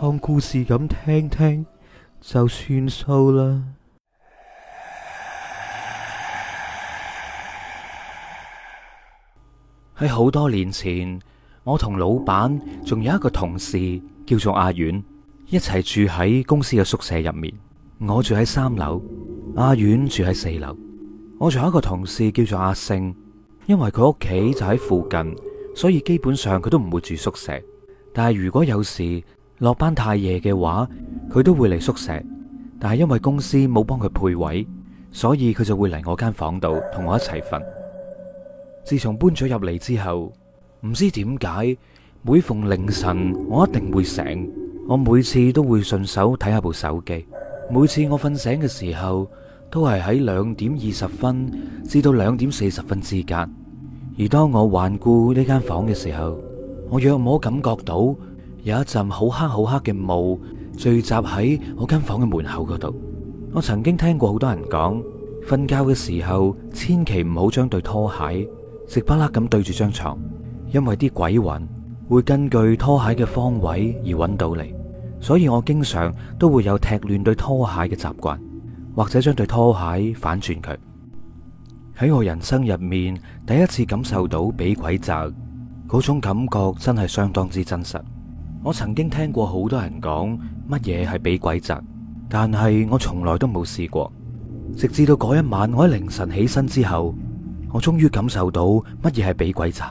當故事咁聽聽就算數啦。喺好多年前，我同老闆仲有一個同事叫做阿遠，一齊住喺公司嘅宿舍入面。我住喺三樓，阿遠住喺四樓。我仲有一個同事叫做阿勝，因為佢屋企就喺附近，所以基本上佢都唔會住宿舍。但係如果有事，落班太夜嘅話，佢都會嚟宿舍。但係因為公司冇幫佢配位，所以佢就會嚟我間房度同我一齊瞓。自從搬咗入嚟之後，唔知點解，每逢凌晨我一定會醒，我每次都會順手睇下部手機。每次我瞓醒嘅時候，都係喺兩點二十分至到兩點四十分之間。而當我環顧呢間房嘅時候，我約我感覺到。有一陣好黑好黑嘅霧聚集喺我間房嘅門口嗰度。我曾經聽過好多人講，瞓覺嘅時候千祈唔好將對拖鞋直不甩咁對住張床，因為啲鬼魂會根據拖鞋嘅方位而揾到你。所以我經常都會有踢亂對拖鞋嘅習慣，或者將對拖鞋反轉佢。喺我人生入面第一次感受到俾鬼責嗰種感覺，真係相當之真實。我曾經聽過好多人講乜嘢係俾鬼責，但係我從來都冇試過。直至到嗰一晚，我喺凌晨起身之後，我終於感受到乜嘢係俾鬼責。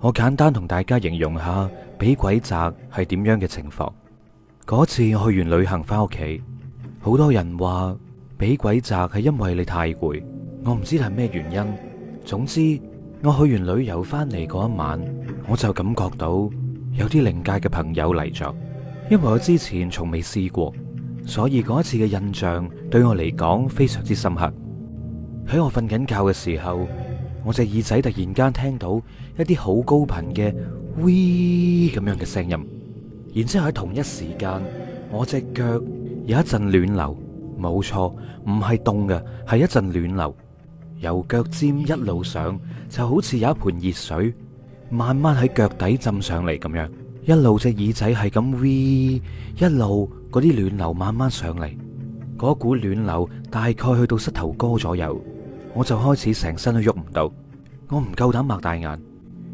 我簡單同大家形容下俾鬼責係點樣嘅情況。嗰次我去完旅行翻屋企，好多人話俾鬼責係因為你太攰，我唔知係咩原因。總之，我去完旅遊翻嚟嗰一晚，我就感覺到。有啲靈界嘅朋友嚟咗，因為我之前從未試過，所以嗰一次嘅印象對我嚟講非常之深刻。喺我瞓緊覺嘅時候，我隻耳仔突然間聽到一啲好高頻嘅 “whi” 咁樣嘅聲音，然之後喺同一時間，我隻腳有一陣暖流，冇錯，唔係凍嘅，係一陣暖流，由腳尖一路上就好似有一盆熱水。慢慢喺腳底浸上嚟咁樣，一路隻耳仔係咁 V，一路嗰啲暖流慢慢上嚟，嗰股暖流大概去到膝頭哥左右，我就開始成身都喐唔到，我唔夠膽擘大眼，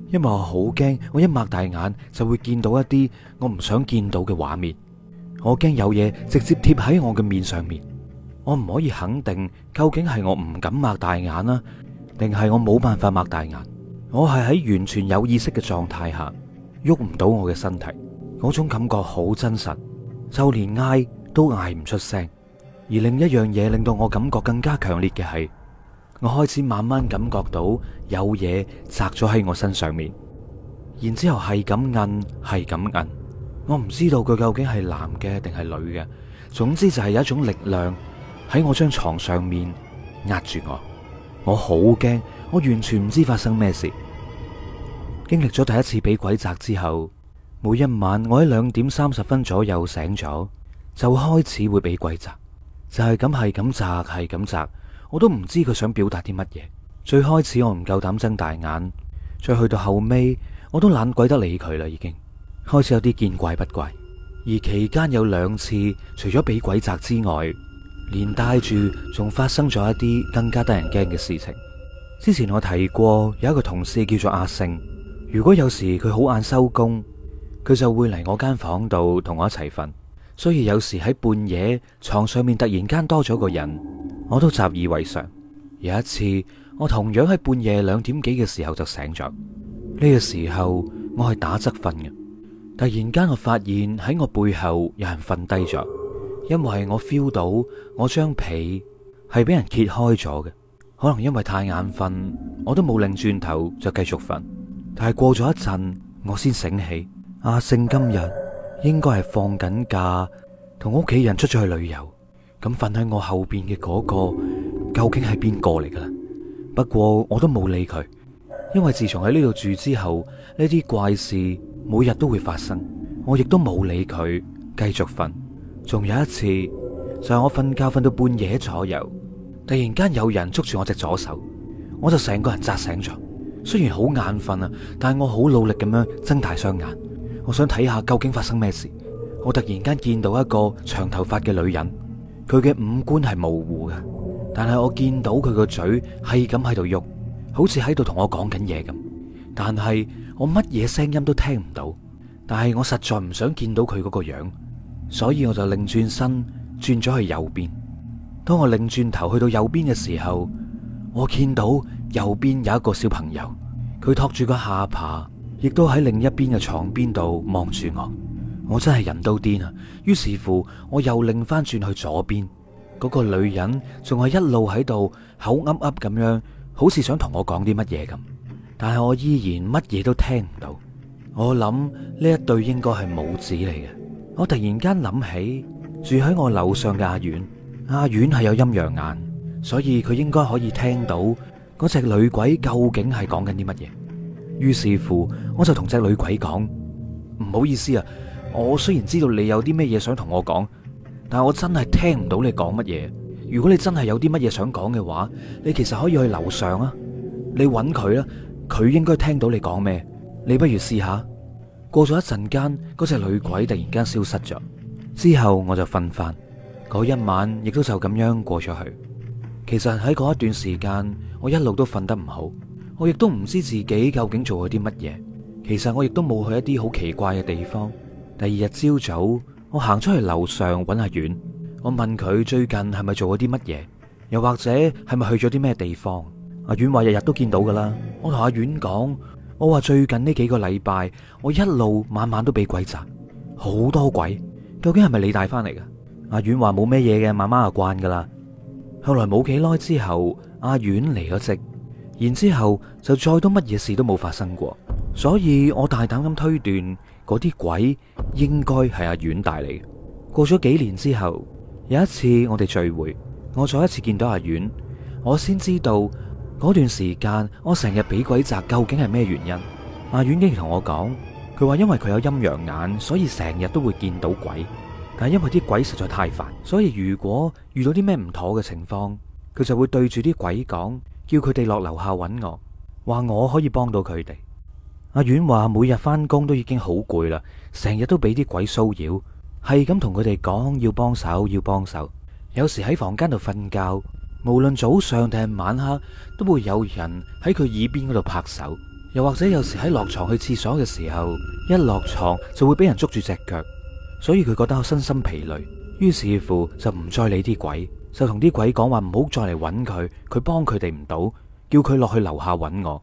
因為我好驚，我一擘大眼就會見到一啲我唔想見到嘅畫面，我驚有嘢直接貼喺我嘅面上面，我唔可以肯定究竟係我唔敢擘大眼吖，定係我冇辦法擘大眼。我係喺完全有意識嘅狀態下，喐唔到我嘅身體，嗰種感覺好真實，就連嗌都嗌唔出聲。而另一樣嘢令到我感覺更加強烈嘅係，我開始慢慢感覺到有嘢砸咗喺我身上面，然之後係咁摁，係咁摁。我唔知道佢究竟係男嘅定係女嘅，總之就係有一種力量喺我張床上面壓住我。我好驚，我完全唔知發生咩事。經歷咗第一次俾鬼砸之後，每一晚我喺兩點三十分左右醒咗，就開始會俾鬼砸，就係咁係咁砸，係咁砸，我都唔知佢想表達啲乜嘢。最開始我唔夠膽睜大眼，再去到後尾，我都懶鬼得理佢啦，已經開始有啲見怪不怪。而期間有兩次，除咗俾鬼砸之外，連帶住仲發生咗一啲更加得人驚嘅事情。之前我提過有一個同事叫做阿星。如果有時佢好晏收工，佢就會嚟我間房度同我一齊瞓。所以有時喺半夜床上面突然間多咗個人，我都習以為常。有一次，我同樣喺半夜兩點幾嘅時候就醒咗。呢個時候我係打側瞓嘅，突然間我發現喺我背後有人瞓低咗，因為我 feel 到我張被係俾人揭開咗嘅。可能因為太眼瞓，我都冇擰轉頭就繼續瞓。但係過咗一陣，我先醒起，阿、啊、勝今日應該係放緊假，同屋企人出咗去旅遊。咁瞓喺我後邊嘅嗰個，究竟係邊個嚟噶？不過我都冇理佢，因為自從喺呢度住之後，呢啲怪事每日都會發生。我亦都冇理佢，繼續瞓。仲有一次就係、是、我瞓覺瞓到半夜左右，突然間有人捉住我隻左手，我就成個人扎醒咗。雖然好眼瞓啊，但係我好努力咁樣睜大雙眼，我想睇下究竟發生咩事。我突然間見到一個長頭髮嘅女人，佢嘅五官係模糊嘅，但係我見到佢個嘴係咁喺度喐，好似喺度同我講緊嘢咁，但係我乜嘢聲音都聽唔到。但係我實在唔想見到佢嗰個樣，所以我就擰轉身轉咗去右邊。當我擰轉頭去到右邊嘅時候，我見到右邊有一個小朋友，佢托住個下巴，亦都喺另一邊嘅床邊度望住我。我真係人都癲啊！於是乎，我又擰翻轉去左邊，嗰個女人仲係一路喺度口嗡嗡咁樣，好似想同我講啲乜嘢咁。但係我依然乜嘢都聽唔到。我諗呢一對應該係母子嚟嘅。我突然間諗起住喺我樓上嘅阿遠，阿遠係有陰陽眼。所以佢應該可以聽到嗰隻女鬼究竟係講緊啲乜嘢？於是乎，我就同隻女鬼講：唔好意思啊，我雖然知道你有啲咩嘢想同我講，但我真係聽唔到你講乜嘢。如果你真係有啲乜嘢想講嘅話，你其實可以去樓上啊，你揾佢啦，佢應該聽到你講咩。你不如試下。過咗一陣間，嗰隻女鬼突然間消失咗。之後我就瞓翻，嗰一晚亦都就咁樣過咗去。其實喺嗰一段時間，我一路都瞓得唔好，我亦都唔知自己究竟做咗啲乜嘢。其實我亦都冇去一啲好奇怪嘅地方。第二日朝早，我行出去樓上揾阿遠，我問佢最近係咪做咗啲乜嘢，又或者係咪去咗啲咩地方。阿遠話日日都見到噶啦。我同阿遠講，我話最近呢幾個禮拜，我一路晚晚都俾鬼襲，好多鬼，究竟係咪你帶翻嚟噶？阿遠話冇咩嘢嘅，慢慢就慣噶啦。後來冇幾耐之後，阿遠離咗職，然之後就再都乜嘢事都冇發生過，所以我大膽咁推斷，嗰啲鬼應該係阿遠帶嚟嘅。過咗幾年之後，有一次我哋聚會，我再一次見到阿遠，我先知道嗰段時間我成日俾鬼砸究竟係咩原因。阿遠竟然同我講，佢話因為佢有陰陽眼，所以成日都會見到鬼。但係因為啲鬼實在太煩，所以如果遇到啲咩唔妥嘅情況，佢就會對住啲鬼講，叫佢哋落樓下揾我，話我可以幫到佢哋。阿婉話每日翻工都已經好攰啦，成日都俾啲鬼騷擾，係咁同佢哋講要幫手要幫手。有時喺房間度瞓覺，無論早上定係晚黑，都會有人喺佢耳邊嗰度拍手，又或者有時喺落床去厠所嘅時候，一落床就會俾人捉住隻腳。所以佢覺得我身心疲累，於是乎就唔再理啲鬼，就同啲鬼講話唔好再嚟揾佢，佢幫佢哋唔到，叫佢落去樓下揾我。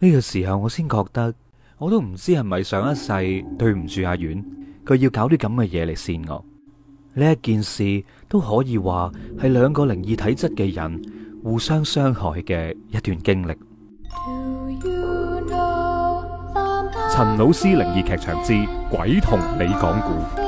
呢個時候我先覺得，我都唔知係咪上一世對唔住阿遠，佢要搞啲咁嘅嘢嚟善我。呢一件事都可以話係兩個靈異體質嘅人互相傷害嘅一段經歷。陳 you know 老師靈異劇場之鬼同你講故。